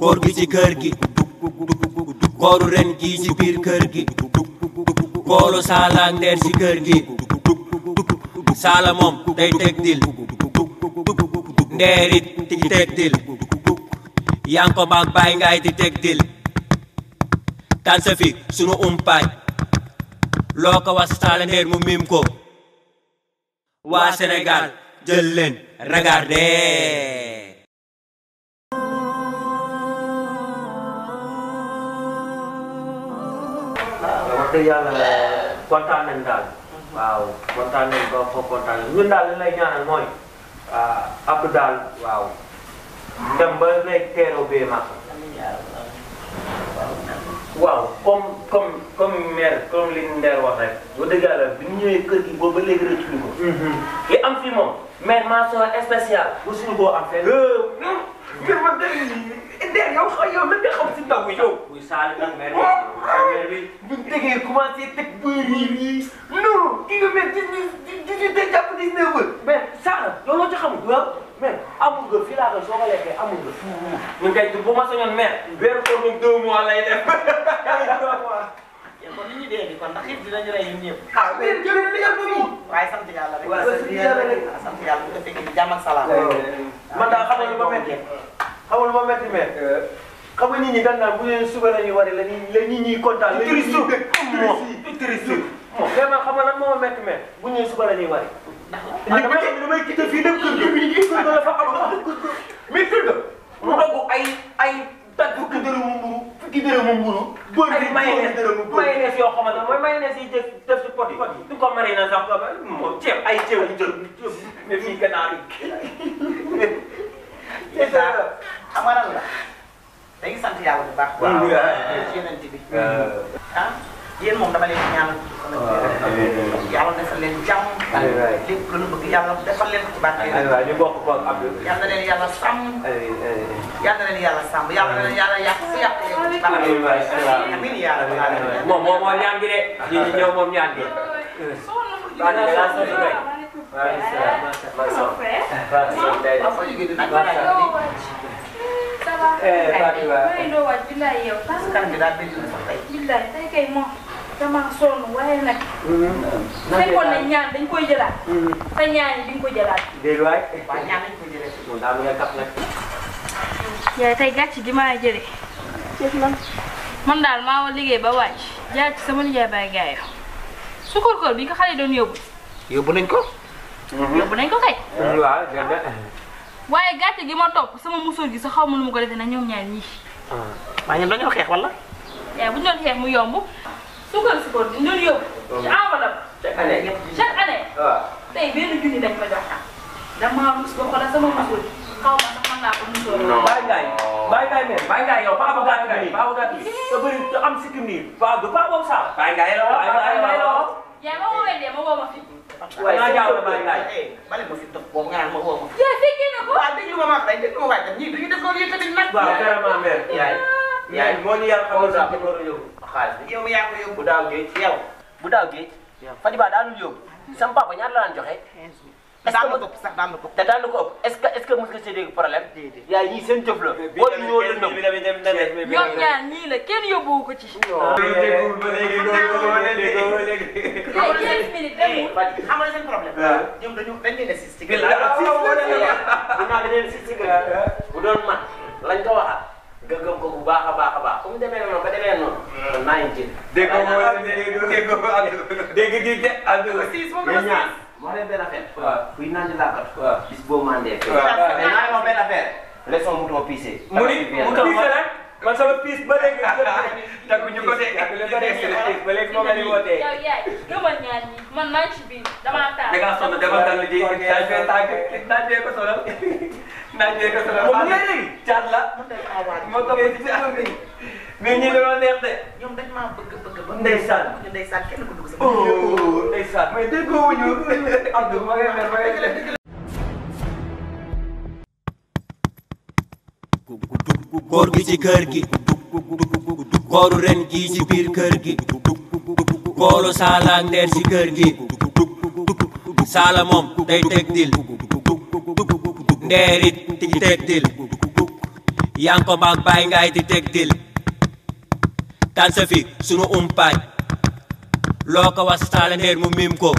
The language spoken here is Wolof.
koor gi ci kër gi kooru ren gii ci biir kër gi koolu saala ak ndeer ci kër gi saala moom day teg dil ndeer it di teg dil yanko baag baay ngaay di teg dil tan sa fi sunu umpaay loo ko wax saala ndeer mu mim ko waa Sénégal jël leen regardez dëgg yàlla kontaan nañ daal. waaw kontaan daal li lay ñaanal mooy daal waaw dem ba lay teeroo ma. waaw comme comme comme maire comme li Nder wax rek. bu dëgg yàlla bi ñu ñëwee kër gi boobu ba léegi rëccuñu ko. Mhm. li am fii moom. maire mention spéciale. bu suñu boo leer yow xëy yow lan nga xam si ndaw yow. muy Saal ak mère bi ak mère bi. buñ tegee commencé teg bëri yi. non ki nga mel dix dix dix huit et jàpp dix neuf heures. mais Saal yow loo ci xamul. waaw mais amul nga fii laa koy soo ko lekkee amul nga. ñu kay bu ma soñoon mère. weeru koor moom deux mois lay def. kon li ñu dee di kon ndax it dinañu rey ñun ah mais jërëjëf li nga bëgg. waaye sant yàlla rek. sant yàlla rek sant yàlla bu ko fekkee jàmm ak salaam. man daal xam lu ma xamul moo métti mais. Euh, xam nga nit ñi dañ naan bu ñu suba la ñuy waree la ñuy la nit ñi kontaan. la nit ñi dëkk turist moom vraiment xam nga lan moo métti mais bu ñu suba la ñuy waree. ah damay damay gisee fii dem kër gi. kër ga dafa am mais kër ga. mu doog ay ay tàggu fukki dërëmu mburu fukki dërëmu mburu. ay mayonnaise mayonnaise yoo xamante ne mooy mayonnaise yi def def ci pot yi. su ko maree na sax moom ceeb ay ceeb yu jël mais fii gannaaw bi. amaral la da ngay sant yàlla bu baax. waaw ci ah yéen moom dama leen ñaanal. waaw yàlla defal leen jàmm. lépp lu bëgg yàlla defal leen ko ci barke. aywa ñu bokk ko ak Abdou. yal na leen yàlla sàmm. yal na leen yàlla sàmm yal waaye doo waaj billaay yow. bi daal bëri na sax tey. billaay ñaan dañ koy jëlaat. te ñaan yi duñ ko jëlaat. déedéet waay tey gàcc gi maa jëlee. man daal maa war liggéey ba wàcc. jaar ci sama nijaay baay gaayo su korkoor bi nga xale doon yóbbu. yóbbu nañ ko. yóbbu nañ ko kay. waaye gàcce gi ma topp sama musóor gi sa xaw ma nu mu ko defee nag ñoom ñaar ñii. Ah, waaye ñoom dañoo xeex wala. Eh, bu ñu doon xeex mu yomb. suukar suukar bi ñu doon yóbbu. Oh. ci enveloppe. chaque année chaque année. waaw ah. tey benn junni dañ ma jox damaa rus ba xoolal sama musóor gi xaw ma sax mën naa ko musóor. non bàyyi ngaay bàyyi ngaay mais bàyyi ngaay yow baabu gàtt bi baabu gàtt bi te bëri te am sikkim nii baabu baabu sax. ma woowee dee waaye naa jaaw bàyyi laaj bali ma fi dëkk boobu nga naan ma woo ma. yaa fekkee na ko. waaw dégg nga ma wax rek dégg nga ma wax rek ñii duñu def loolu yëkkati nag. waaw vraiment mère yaay. yaay moo ñu yàlla xamal sax numéro yóbbu. xaalis bi yow yaa ko yóbbu. bu daaw géej yow. bu daaw géej. Fadiba daanul yóbbu. sama papa ñaar la daan joxe. Eh. daan na ko ëpp sax daan na ko ëpp te daan na ko ëpp. yaay ñii seen jëf la. wala ñoo leen nëb ñoom ñaar ñii la kenn yóbbu ko ci. non seen problème. Ah. ñoom dañu dañ leen a sis ci gën bu doon man lañ ko waxaat. nga gëm ko bu baax a baax a baax comme demee noonu ba demee noonu. man ah. maa ngi jël. dégg nga dégg nga dégg nga dégg nga dégg nga dégg nga moo leen benn affaire. waaw kuy naan di laabat. bis boo mandee fee. waaw waaw mais naa leen benn affaire. leçon mouton piisee. mu mouton piisee nag man sama piis ba léegi. takku ñu ko de ñu ko de ba léegi moom la ñu wootee. yow yaay man maa ngi ci biir damaa taal. da ngaa sonn defal dal ji naaj bee tàgg naaj bee ko sonal ndeysaan ndeysaan kenn ko dugg oh, sa. ci kër gi. góoru ren gii ci biir kër gi. góoru saala ak ci kër gi. saala ndeer it di teg dil. ngaay di teg dansa fi sunu umpaaj loo ko wax saala mu miim ko